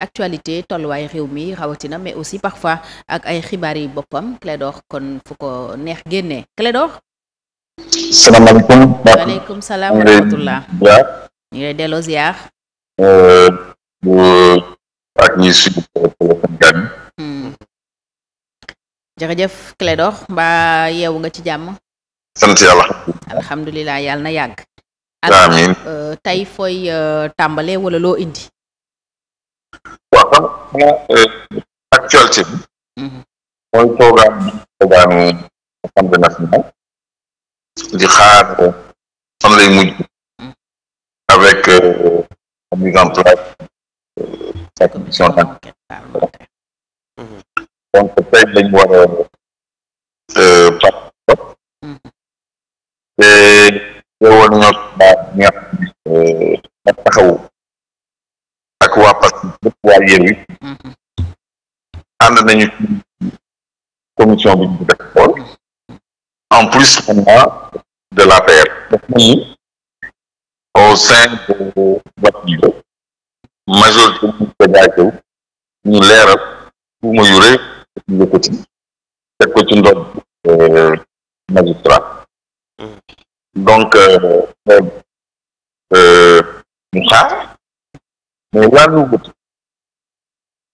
actualité tolluwaay réew mi rawatina mais aussi parfois ak ay xibaar yi boppam Clédor kon fu ko neex génnee Clédor. salaamaaleykum. waaleykum salaam wa rahmatullah. ñu lay delloo ziar. Euh, ak ñi hmm. yeewu nga ci jàmm. sant yàlla. na yàgg. amiin euh, tey fooy euh, tàmbale wala loo indi. waaw xam nga euh, mm-hmm. mooy toogaan bi toogaanu assemblée nationale xaar fan lay mujj mm-hmm. avec euh, la mise en place sa euh, commission d'enquête ah, mm-hmm. donc tey lañ war a par te yowoon ñoo baa ñi nga taxawu ak waa PAS bépp waa Yewwi mhm. nañu commission bi ñu def xool en plus maintenant de l'APR daf au sein de wat yido majorité ñu dégagéw ñu leeral tuuma yu rëy yëkkati teg ko ci ndodd euh, magistrat mhm. donc euh, euh, ñu xaar mais wàllu bët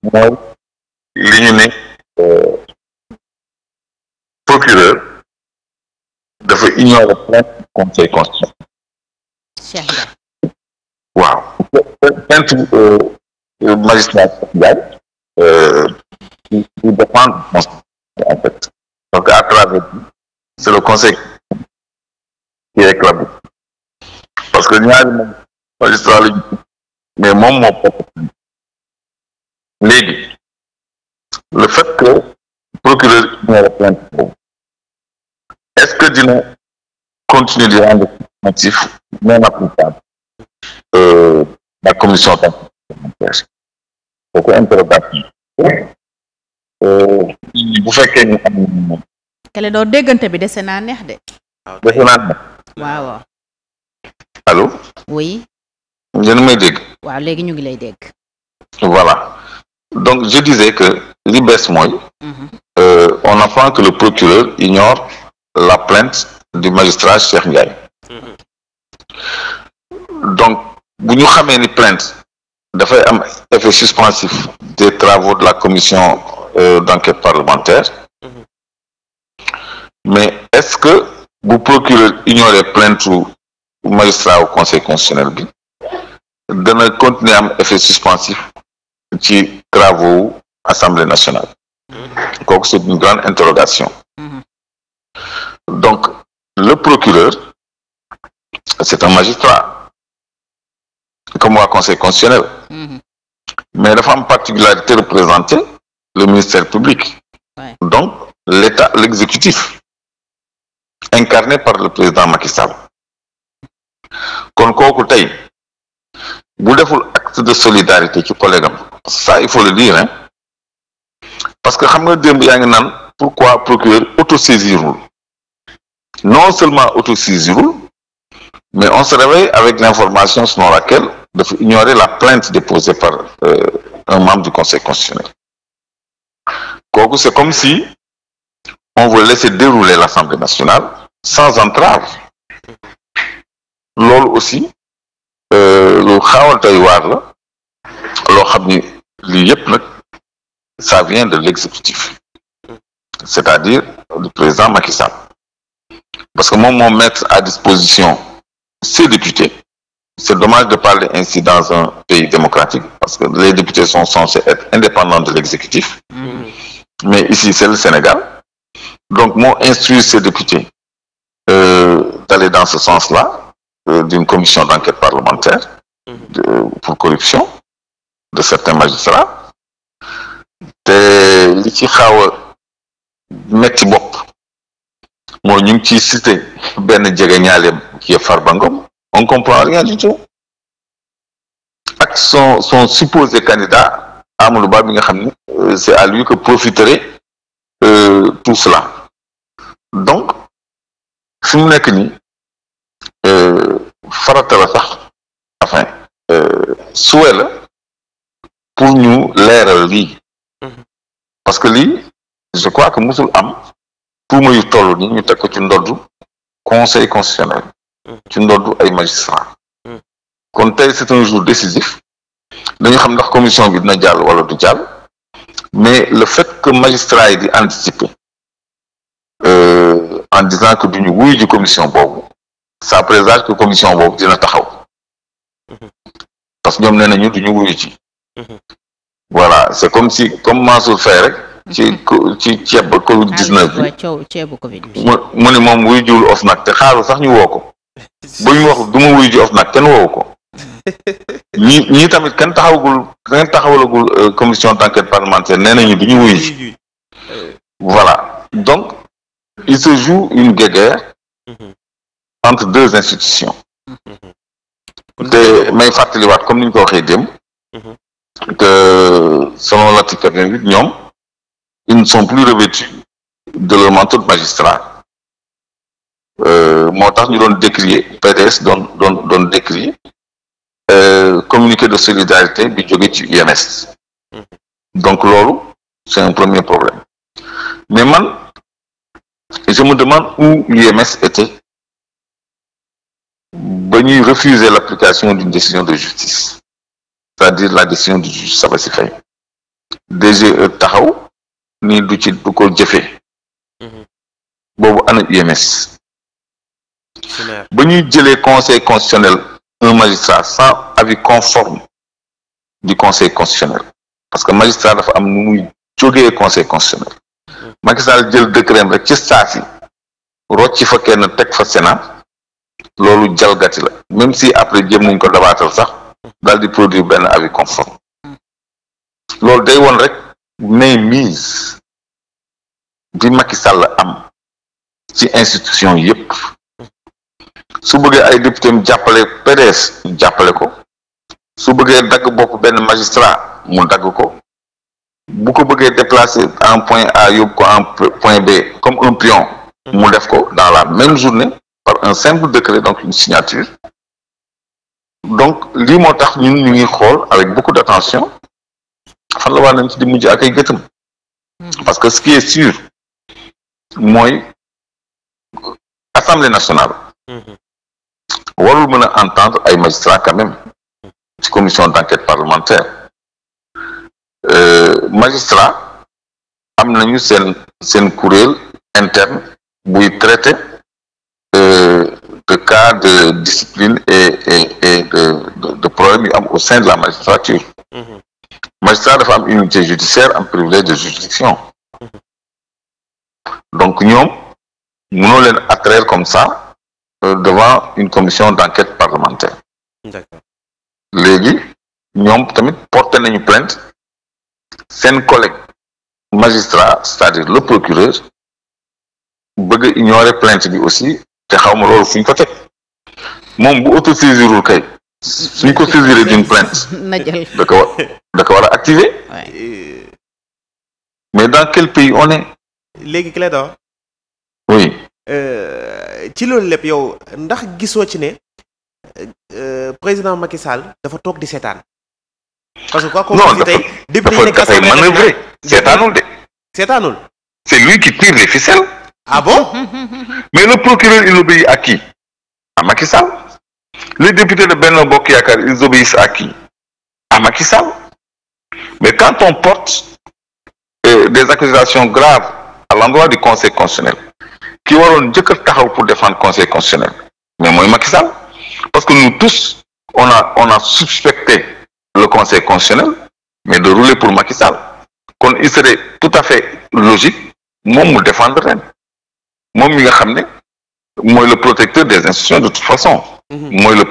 mooy li euh, procureur dafa ignorer plainte conseil constitutionnel waaw plainte euh, euh, magistrat Ndiaye pour défendre en fait parce que à travers c'est le conseil qui réclame parce que ñaari moom magistrat mais moom moo léegi le fait que procureur ñëw plainte est-ce que dina continuer di rendre motif non applicable euh, la commission parlementaire kooku interrogation euh, bu fekkee ñu am moom déggante bi dese naa neex de dese neex waaw allo oui yéen may dégg. léegi ñu ngi lay dégg. voilà donc je disais que li bees mooy. Mhm. Euh, on apprend que le procureur ignore la plainte du magistrat Cheikh Ndiaye. Mhm. donc bu ñu xamee ni plainte dafay am effet suspensif des travaux de la commission euh, d'enquête parlementaire. Mhm. mais est-ce que bu procureur ignorer plainte magistrat au conseil constitutionnel bi. dana continuer am effet suspensif ci travaux assemblée nationale kooku c'est une grande interrogation donc le procureur c'est un magistrat comme waa conseil constitutionnel mais dafa am particularité représenter le ministère public donc l'état l'exécutif incarné par le président Macky Sall kon kooku tey bu deful acte de solidarité ci collègue am ça il faut le dire parce que xam nga démb yaa ngi naan pourquoi procureur autosaisirul non seulement autosaisirul mais on se réveille avec l'information selon laquelle dafa ignorer la plainte déposée par euh, un membre du conseil constitutionnel kooku c'est comme si on veut laisser dérouler l'assemblée nationale sans entrave loolu Euh, lu xaawal doy la loo xam ni lii yëpp nag ça vient de l'exécutif c'est-à-dire du président Macky parce que moom moo mettre à disposition ses députés c'est dommage de parler ainsi dans un pays démocratique parce que les députés sont censés être indépendants de l'exécutif mmh. mais ici c'est le Sénégal donc moo instruire ses députés euh, d'aller dans ce sens-là euh, d'une commission parlementaire pour corruption de certains magistrats te li ci xaw metti bopp mooy ñu ngi ciy cité benn jege ñaaleem ki Farba Ngom on comprend rien du tout ak son son supposé candidat Amadou Ba bi nga xam ne euh, c'est à lui que profiterait euh, tout cela donc fi mu nekk nii euh, farata sax enfin euh, souhait la pour ñu leeral lii mhm. parce que lii je crois que musul am pour yu toll ni ñu teg ko ci ndodd conseil constitutionnel mhm. ci ndodd ay magistrat mhm. kon tey c'est un jour décisif dañu xam ndax commission bi dina jàll wala du jàll mais le fait que magistrat yi di anticiper euh, en disant que ñu wuyu ji commission boobu ça présage que commission boobu dina taxaw parce que ñoom nee nañu duñu wuyu ci mhm. voilà c'est comme si comme Mansour Faye rek ci mhm. ci ceeb ah covid 19 bi mu mu moom wuy jiwul of nag te xaaru sax ñu woo ko buñ wax du ma wuyu ji of nag kenn woowu ko ñi ñii tamit kenn taxawagul kenn taxawalagul euh, commission d'enquête parlementaire nee nañu duñu wuyu ji voilà donc il se joue une guerre mhm. entre deux institutions te mais fàttaliwaat comme ni ñu ko waxee démb. que mhm. selon l'article quatre-vingt-huit ñoom ils ne sont plus revêtus de leur manteau de magistrat euh, moo tax ñu doon décrier PDS doon doon doon décrier euh, communiqué de solidarité bi jóge ci UMS mhm. donc loolu c'est un premier problème mais man je me demande où UMS était ba ñuy refuser l'application d'une décision de justice c'est-à-dire la décision du juge Sabassy Faye DGE taxaw ni du ci du ko jëfee mm-hmm. boobu ana UMS ba ñuy jëlee conseil constitutionnel un magistrat sans avis conforme du conseil constitutionnel parce que magistrat dafa am nu muy jógee conseil constitutionnel mm-hmm. Macky jël décret rek ci saa si rocci fa kenn teg fa Sénat loolu jalgati la même si après jéem nañ ko dabaatal sax daal di produit benn avis conforme loolu day woon rek nay mise di Macky Sall am ci institution yépp su bëggee ay député jàppale PDS jàppale ko su bëggee dagg bopp benn magistrat mu dagg ko bu ko bëggee déplacer en point A yóbbu ko en point B comme un pion mu def ko dans la même journée un simple décret donc une signature donc lii moo tax ñu ñu ngi xool avec beaucoup d'attention fan la waa nañ ci di mujj ak ay gëtëm parce que ce qui est sûr mooy assemblée nationale warul mën a entendre ay magistrats quand même ci commission d'enquête parlementaire euh, magistrat am nañu seen seen kuréel interne buy traité de, de cas de discipline et, de, de, am au sein de la magistrature mhm. magistrat dafa am unité judiciaire am privilège de juridiction mhm. donc ñoom mënoo leen attraire comme ça euh, devant une commission d'enquête parlementaire léegi ñoom tamit porté nañu plainte seen collègue magistrat c'est-à-dire le procureur bëgg ignorer plainte bi aussi te xaw ma loolu fu ñu ko teg moom bu auto saisirul kay suñ ko saisiree d'une plainte da ko war da ko war a activer mais dans quel pays on est. léegi Clédor. oui. Euh, ci loolu lépp yow ndax gisoo ci ne euh, président Macky Sall dafa toog di seetaan. parce que quoi qu'on puisse tey. non dafa dafa dafa manœuvrer seetaanul de. seetaanul. c'est lui qui tire les ficelles. Ah bon Mais le procureur, il obéit à qui À Macky Les députés de Benno Bokyakar, ils obéissent à qui À Macky Sall. Mais quand on porte euh, des accusations graves à l'endroit du Conseil constitutionnel, qui auront jëkk taxaw pour défendre Conseil constitutionnel, mais mooy Macky Parce que nous tous, on a, on suspecté le Conseil constitutionnel, mais de rouler pour Macky Sall. Kon il serait tout à fait logique moom mu défendre moom mi nga xam ne mooy le protecteur des institutions de toute façon mm-hmm. mooy le